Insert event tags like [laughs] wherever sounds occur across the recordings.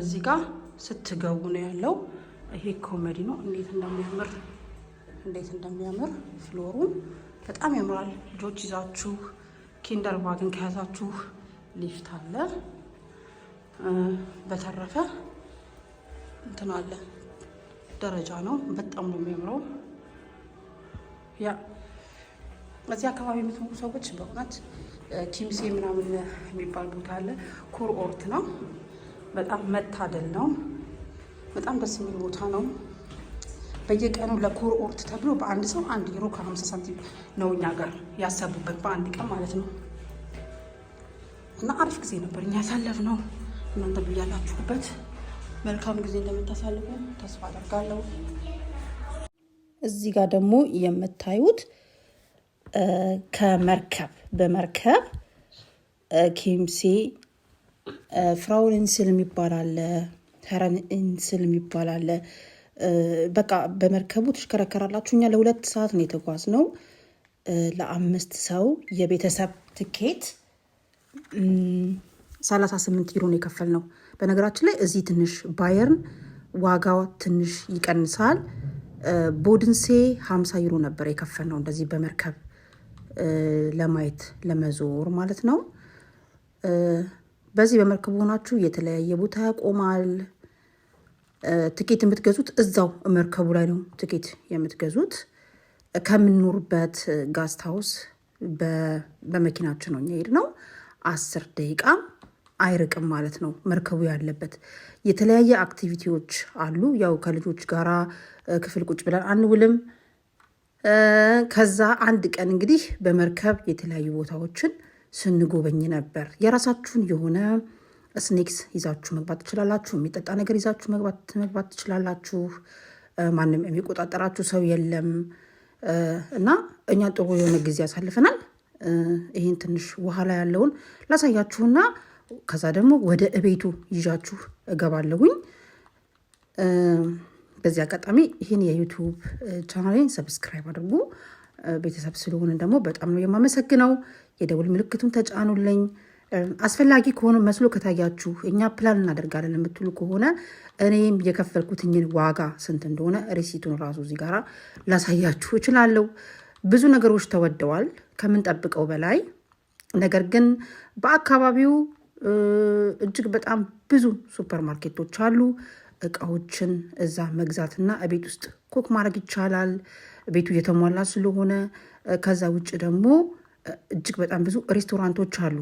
እዚህ ጋር ስትገቡ ነው ያለው። ይሄ ኮሜዲ ነው። እንዴት እንደሚያምር እንዴት እንደሚያምር ፍሎሩም በጣም ያምራል። ልጆች ይዛችሁ ኪንደር ባግን ከያዛችሁ ሊፍት አለ። በተረፈ እንትን አለ ደረጃ ነው። በጣም ነው የሚያምረው። ያ እዚህ አካባቢ የምትኖሩ ሰዎች በእውነት ኪምሴ ምናምን የሚባል ቦታ አለ። ኩርኦርት ነው በጣም መታደል ነው። በጣም ደስ የሚል ቦታ ነው። በየቀኑ ለኩርኦርት ተብሎ በአንድ ሰው አንድ ዩሮ ከ50 ሳንቲም ነው እኛ ጋር ያሰቡበት በአንድ ቀን ማለት ነው። እና አሪፍ ጊዜ ነበር እኛ ነው። እናንተ ብያላችሁበት መልካም ጊዜ እንደምታሳልፉ ተስፋ አደርጋለሁ። እዚህ ጋር ደግሞ የምታዩት ከመርከብ በመርከብ ኬምሴ ፍራውን ኢንስል የሚባል አለ፣ ተረን ኢንስል የሚባል አለ። በቃ በመርከቡ ትሽከረከራላችሁ። እኛ ለሁለት ሰዓት ነው የተጓዝ ነው። ለአምስት ሰው የቤተሰብ ትኬት 38 ዩሮ ነው የከፈልነው። በነገራችን ላይ እዚህ ትንሽ ባየርን ዋጋው ትንሽ ይቀንሳል። ቦድንሴ 50 ዩሮ ነበር የከፈልነው እንደዚህ በመርከብ ለማየት ለመዞር ማለት ነው። በዚህ በመርከብ ሆናችሁ የተለያየ ቦታ ያቆማል። ትኬት የምትገዙት እዛው መርከቡ ላይ ነው። ትኬት የምትገዙት ከምንኖርበት ጋስት ሀውስ በመኪናችን ነው የሄድ ነው። አስር ደቂቃ አይርቅም ማለት ነው መርከቡ ያለበት። የተለያየ አክቲቪቲዎች አሉ። ያው ከልጆች ጋራ ክፍል ቁጭ ብለን አንውልም። ከዛ አንድ ቀን እንግዲህ በመርከብ የተለያዩ ቦታዎችን ስንጎበኝ ነበር። የራሳችሁን የሆነ ስኔክስ ይዛችሁ መግባት ትችላላችሁ። የሚጠጣ ነገር ይዛችሁ መግባት መግባት ትችላላችሁ። ማንም የሚቆጣጠራችሁ ሰው የለም እና እኛ ጥሩ የሆነ ጊዜ ያሳልፈናል። ይህን ትንሽ ውሃ ላይ ያለውን ላሳያችሁና ከዛ ደግሞ ወደ እቤቱ ይዣችሁ እገባለሁኝ። በዚህ አጋጣሚ ይህን የዩቱብ ቻናሌን ሰብስክራይብ አድርጉ። ቤተሰብ ስለሆነ ደግሞ በጣም ነው የማመሰግነው። የደውል ምልክቱን ተጫኑልኝ። አስፈላጊ ከሆነ መስሎ ከታያችሁ እኛ ፕላን እናደርጋለን የምትሉ ከሆነ እኔም የከፈልኩትኝን ዋጋ ስንት እንደሆነ ሪሲቱን ራሱ እዚህ ጋር ላሳያችሁ እችላለሁ። ብዙ ነገሮች ተወደዋል ከምንጠብቀው በላይ። ነገር ግን በአካባቢው እጅግ በጣም ብዙ ሱፐር ማርኬቶች አሉ። እቃዎችን እዛ መግዛትና ቤት ውስጥ ኮክ ማድረግ ይቻላል፣ ቤቱ እየተሟላ ስለሆነ ከዛ ውጭ ደግሞ እጅግ በጣም ብዙ ሬስቶራንቶች አሉ።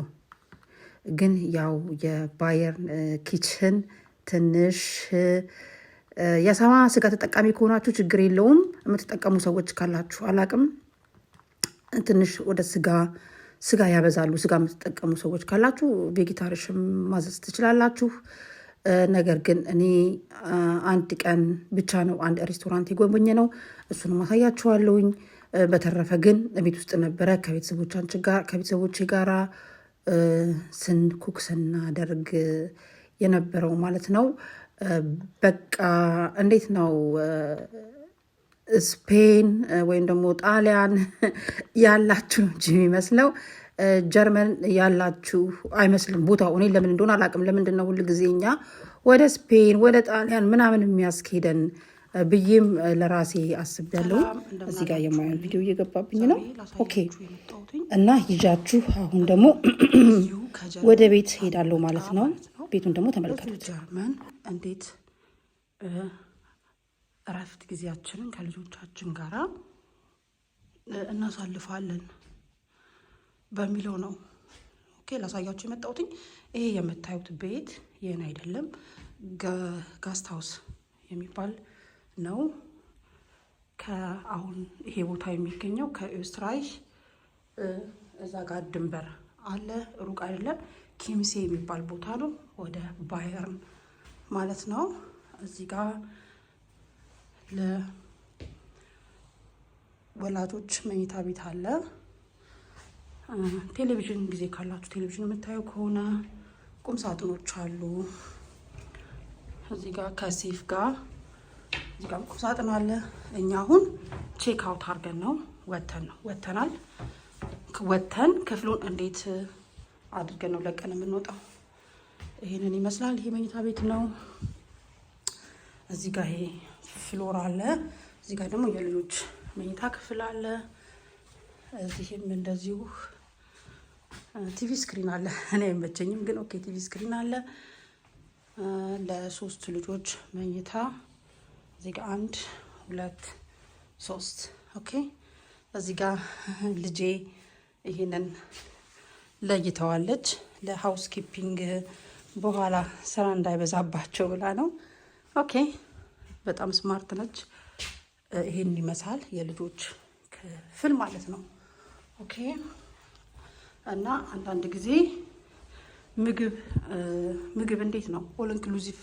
ግን ያው የባየርን ኪችን ትንሽ የሰማ ስጋ ተጠቃሚ ከሆናችሁ ችግር የለውም። የምትጠቀሙ ሰዎች ካላችሁ አላቅም፣ ትንሽ ወደ ስጋ ስጋ ያበዛሉ። ስጋ የምትጠቀሙ ሰዎች ካላችሁ ቬጌታሪሽም ማዘዝ ትችላላችሁ። ነገር ግን እኔ አንድ ቀን ብቻ ነው አንድ ሬስቶራንት የጎበኘ ነው። እሱን ማሳያችኋለሁኝ። በተረፈ ግን ቤት ውስጥ ነበረ ከቤተሰቦቼ ጋራ ስንኩክ ስናደርግ የነበረው ማለት ነው። በቃ እንዴት ነው ስፔን ወይም ደግሞ ጣሊያን [laughs] ያላችሁ ነው እንጂ የሚመስለው ጀርመን ያላችሁ አይመስልም። ቦታው እኔ ለምን እንደሆነ አላውቅም። ለምንድን ነው ሁልጊዜ እኛ ወደ ስፔን ወደ ጣሊያን ምናምን የሚያስኬደን? ብዬም ለራሴ አስቤያለሁ። እዚህ ጋር የማየን ቪዲዮ እየገባብኝ ነው። ኦኬ እና ይዣችሁ አሁን ደግሞ ወደ ቤት ሄዳለሁ ማለት ነው። ቤቱን ደግሞ ተመልከቱት። ጀርመን እንዴት እረፍት ጊዜያችንን ከልጆቻችን ጋራ እናሳልፋለን በሚለው ነው። ኦኬ ላሳያችሁ የመጣሁትኝ ይሄ የምታዩት ቤት ይህን አይደለም። ጋስት ሀውስ የሚባል ነው። አሁን ይሄ ቦታ የሚገኘው ከኦስትራይሽ እዛ ጋር ድንበር አለ፣ ሩቅ አይደለም። ኪምሴ የሚባል ቦታ ነው፣ ወደ ባየርን ማለት ነው። እዚህ ጋር ለወላጆች መኝታ ቤት አለ። ቴሌቪዥን ጊዜ ካላችሁ ቴሌቪዥን የምታየው ከሆነ ቁም ሳጥኖች አሉ። እዚህ ጋር ከሴፍ ጋር እዚጋ ቁምሳጥን አለ። እኛ አሁን ቼክ አውት አድርገን ነው ወተን ነው ወተናል። ወተን ክፍሉን እንዴት አድርገን ነው ለቀን የምንወጣው? ይሄንን ይመስላል። ይሄ መኝታ ቤት ነው። እዚህ ጋር ይሄ ፍሎር አለ። እዚህ ጋር ደግሞ የልጆች መኝታ ክፍል አለ። እዚህም እንደዚሁ ቲቪ ስክሪን አለ። እኔ አይመቸኝም ግን ኦኬ ቲቪ ስክሪን አለ። ለሶስት ልጆች መኝታ እዚህ ጋር አንድ ሁለት ሶስት ኦኬ። እዚህ ጋር ልጄ ይሄንን ለይተዋለች ለሃውስ ኪፒንግ በኋላ ስራ እንዳይበዛባቸው ብላ ነው። ኦኬ በጣም ስማርት ነች። ይሄን ይመስላል የልጆች ክፍል ማለት ነው። ኦኬ እና አንዳንድ ጊዜ ምግብ ምግብ እንዴት ነው ኦል ኢንክሉዚቭ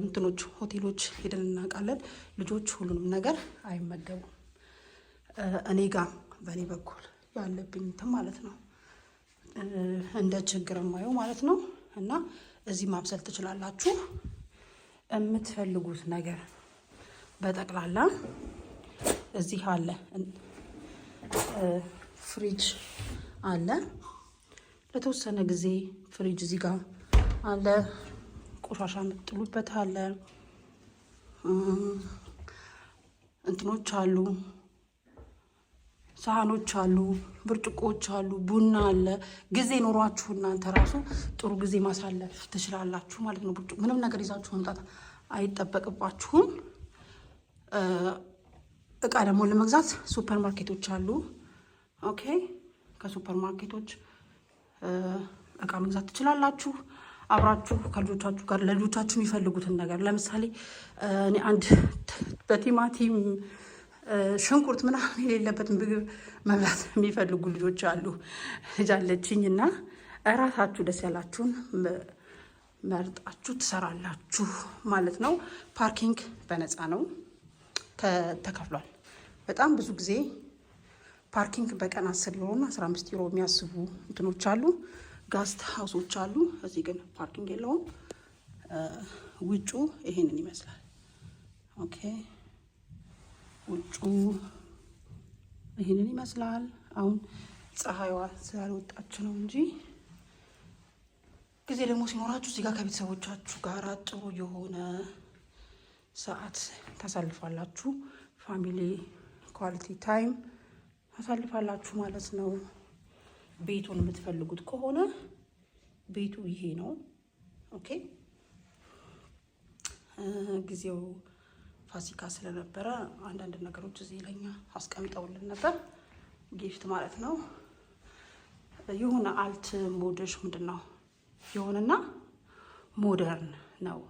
እንትኖች ሆቴሎች ሄደን እናውቃለን። ልጆች ሁሉንም ነገር አይመገቡም። እኔ ጋ በእኔ በኩል ያለብኝ እንትን ማለት ነው እንደ ችግር የማየው ማለት ነው። እና እዚህ ማብሰል ትችላላችሁ የምትፈልጉት ነገር በጠቅላላ እዚህ አለ። ፍሪጅ አለ ለተወሰነ ጊዜ ፍሪጅ እዚህ ጋር አለ። ቆሻሻ የምትጥሉበት አለ። እንትኖች አሉ፣ ሳህኖች አሉ፣ ብርጭቆዎች አሉ፣ ቡና አለ። ጊዜ ኖሯችሁ እናንተ ራሱ ጥሩ ጊዜ ማሳለፍ ትችላላችሁ ማለት ነው። ብርጭቆ ምንም ነገር ይዛችሁ መምጣት አይጠበቅባችሁም። እቃ ደግሞ ለመግዛት ሱፐር ማርኬቶች አሉ። ኦኬ ከሱፐር ማርኬቶች እቃ መግዛት ትችላላችሁ። አብራችሁ ከልጆቻችሁ ጋር ለልጆቻችሁ የሚፈልጉትን ነገር ለምሳሌ እኔ አንድ በቲማቲም ሽንኩርት ምናምን የሌለበት ምግብ መብላት የሚፈልጉ ልጆች አሉ። ልጅ አለችኝ እና እራሳችሁ ደስ ያላችሁን መርጣችሁ ትሰራላችሁ ማለት ነው። ፓርኪንግ በነፃ ነው ተከፍሏል። በጣም ብዙ ጊዜ ፓርኪንግ በቀን አስር ዩሮ እና አስራ አምስት ዩሮ የሚያስቡ እንትኖች አሉ። ጋስት ሀውሶች አሉ። እዚህ ግን ፓርኪንግ የለውም። ውጩ ይሄንን ይመስላል። ኦኬ ውጩ ይሄንን ይመስላል። አሁን ፀሐይዋ ስላልወጣች ነው እንጂ ጊዜ ደግሞ ሲኖራችሁ እዚህ ጋር ከቤተሰቦቻችሁ ጋር ጥሩ የሆነ ሰዓት ታሳልፋላችሁ። ፋሚሊ ኳሊቲ ታይም ታሳልፋላችሁ ማለት ነው። ቤቱን የምትፈልጉት ከሆነ ቤቱ ይሄ ነው። ኦኬ ጊዜው ፋሲካ ስለነበረ አንዳንድ ነገሮች እዚህ ለኛ አስቀምጠውልን ነበር፣ ጊፍት ማለት ነው። የሆነ አልት ሞደሽ ምንድን ነው የሆነና ሞደርን ነው።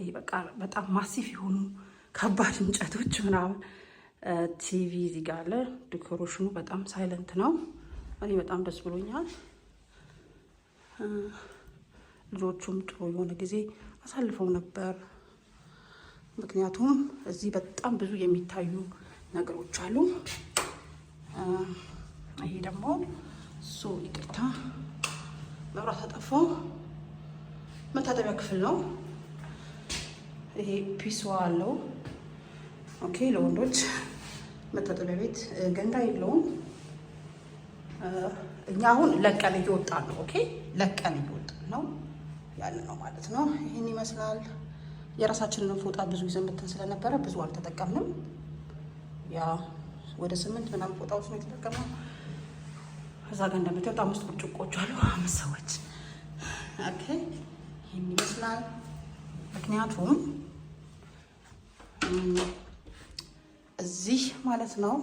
ይህ በቃ በጣም ማሲፍ የሆኑ ከባድ እንጨቶች ምናምን ቲቪ እዚህ ጋ አለ። ዲኮሬሽኑ በጣም ሳይለንት ነው። እኔ በጣም ደስ ብሎኛል። ልጆቹም ጥሩ የሆነ ጊዜ አሳልፈው ነበር። ምክንያቱም እዚህ በጣም ብዙ የሚታዩ ነገሮች አሉ። ይሄ ደግሞ እሱ ይቅርታ መብራት አጠፎ መታጠቢያ ክፍል ነው። ይሄ ፒስዋ አለው። ኦኬ ለወንዶች መታጠቢያ ቤት ገንዳ የለውም። እኛ አሁን ለቀን እየወጣን ነው። ኦኬ ለቀን እየወጣን ነው ያለ ነው ማለት ነው። ይህን ይመስላል። የራሳችንን ፎጣ ብዙ ይዘን ብትን ስለነበረ ብዙ አልተጠቀምንም። ያ ወደ ስምንት ምናምን ፎጣዎች ነው የተጠቀመው። እዛ ጋር እንደምታየው በጣም ውስጥ ብርጭቆች አሉ። አምስት ሰዎች ኦኬ። ይህን ይመስላል። ምክንያቱም እዚህ ማለት ነው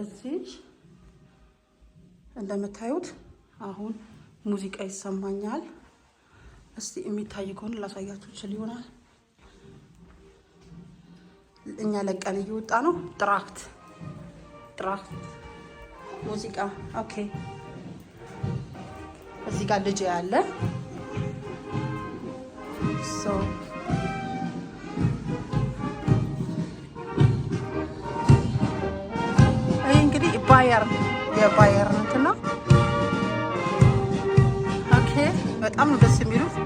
እዚህ እንደምታዩት አሁን ሙዚቃ ይሰማኛል። እስቲ የሚታይ ከሆነ ላሳያችሁ ችል ይሆናል። እኛ ለቀን እየወጣ ነው። ጥራክት ጥራክት ሙዚቃ ኦኬ። እዚህ ጋር ልጅ ያለ የባየር እንትና ኦኬ። በጣም ነው ደስ የሚሉት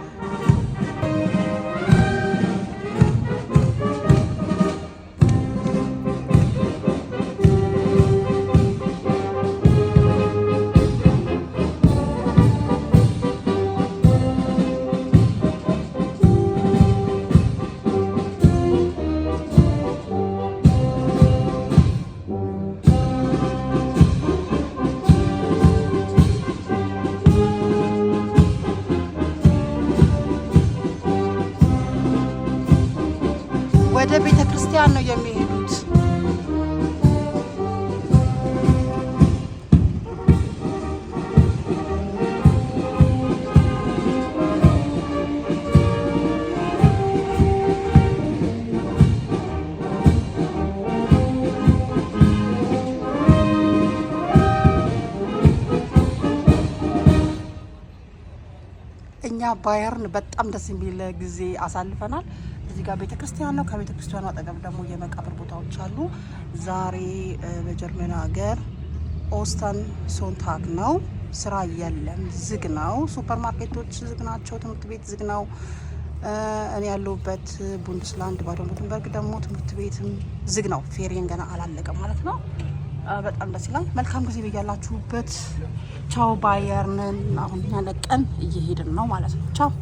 ወደ ቤተ ክርስቲያን ነው የሚሄዱት። እኛ ባየርን በጣም ደስ የሚል ጊዜ አሳልፈናል። እዚህ ጋር ቤተክርስቲያን ነው። ክርስቲያኑ አጠገብ ደግሞ የመቃብር ቦታዎች አሉ። ዛሬ በጀርመን ሀገር ኦስተን ሶንታግ ነው። ስራ የለም፣ ዝግ ነው። ሱፐር ማርኬቶች ዝግ ናቸው። ትምህርት ቤት ዝግ ነው። እኔ ያለሁበት ቡንድስላንድ ባደንቡትንበርግ ደግሞ ትምህርት ቤትም ዝግ ነው። ፌሬን ገና አላለቀም ማለት ነው። በጣም ደስ ይላል። መልካም ጊዜ ብያላችሁበት። ቻው ባየርንን አሁን ያለቀን እየሄድን ነው ማለት ነው። ቻው